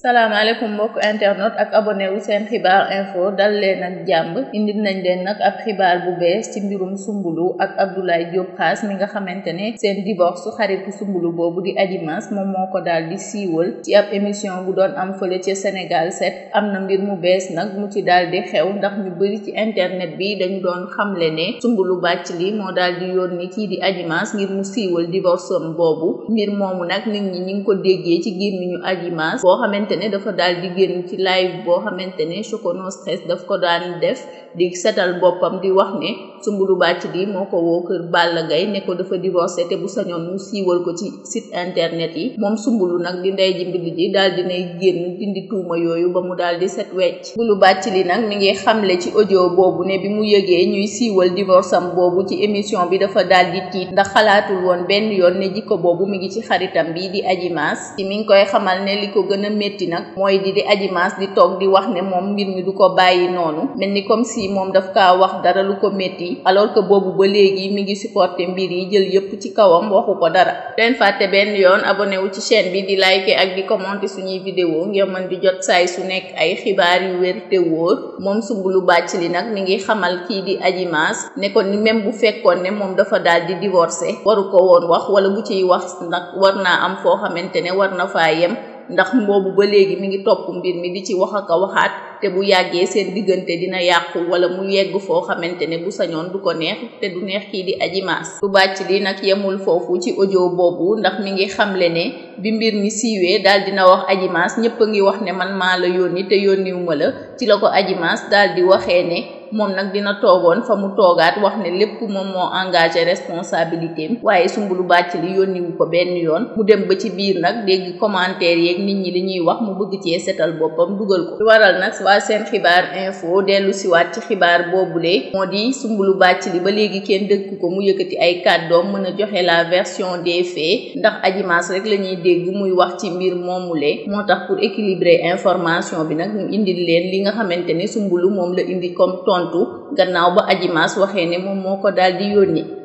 salaamaaleykum mbokk internet ak abonné wu seen xibaar info dal leen ak jàmb indi nañ leen nag ab xibaar bu bees ci mbirum sumbulu ak Abdoulaye Diop Khass mi nga xamante ne seen su xaritu sumbulu boobu di Adji Mass moom moo ko daal di siiwal ci ab émission bu doon am fële ca Sénégal 7 am na mbir mu bees nag mu ci daal di xew ndax ñu bëri ci internet bi dañu doon xamle ne sumbulu bàcc li moo daal di yónni kii di Adji Mass ngir mu siiwal divorce am boobu mbir moomu nag nit ñi ngi ko déggee ci gémmiñu Adji Mass boo xamante xamante ne dafa daal di génn ci live boo xamante ne Choco no stress daf ko daan def di setal boppam di wax ne bàcc Bathily moo ko woo kër Balla Gaye ne ko dafa divorcé te bu sañoon mu siiwal ko ci site internet yi moom Soumboulou nag di ndey ji mbind ji daal nay génn dindi tuuma yooyu ba mu daal di set wecc bàcc Bathily nag mi ngi xamle ci audio boobu ne bi mu yëgee ñuy siiwal divorce am boobu ci émission bi dafa daal di tiit ndax xalaatul woon benn yoon ne jikko boobu mi ngi ci xaritam bi di Adji ko gën a métti métti nag mooy di di Adji Mass di toog di wax ne moom mbir mi du ko bàyyi noonu mel ni comme si moom daf ka wax dara lu ko métti alors que boobu ba léegi mu ngi supporté mbir yi jël yëpp ci kawam waxu ko dara leen fàtte benn yoon abonné wu ci chaîne bi di liker ak di commenter suñuy vidéo ngir mën di jot saay su nekk ay xibaar yu wér te wóor lu Soumboulou li nag mu ngi xamal kii di Adji ne ko ni même bu fekkoon ne moom dafa daal di divorcé waru ko woon wax wala bu ciy wax nag war naa am foo xamante ne war na faa yem ndax boobu ba léegi mu ngi topp mbir mi di ci wax a ko waxaat te bu yàggee seen diggante dina yàqu wala mu yegg foo xamante ne bu sañoon du ko neex te du neex kii di ajimaas Mass bàcc li nag yemul foofu ci audio boobu ndax mu ngi xamle ne bi mbir mi siiwee dal dina wax Adji Mass ñëpp a ngi wax ne man maa la yónni te yónniwu ma la ci la ko Adji Mass daal di waxee ne moom nag dina toogoon fa mu toogaat wax ne lépp moom moo engage engagé responsabilité am waaye bàcc Bathily yónniwu ko benn yoon mu dem ba ci biir nag dégg commentaire yeeg nit ñi li wax mu bëgg cee setal boppam dugal ko waral nag waa seen xibaar info dellu siwaat ci xibaar boobule moo di Soumboulou Bathily ba léegi kenn dëkk ko mu yëkkati ay kàddoom mën a joxe la version des faits ndax Adji Mass rek la ñuy dégg muy wax ci mbir moomule moo tax pour équilibrer information bi nag ñu indil leen li nga xamante ne Soumboulou moom la indi comme ton tontu gannaaw ba Adji Mass waxee ne moom moo ko daal di yónni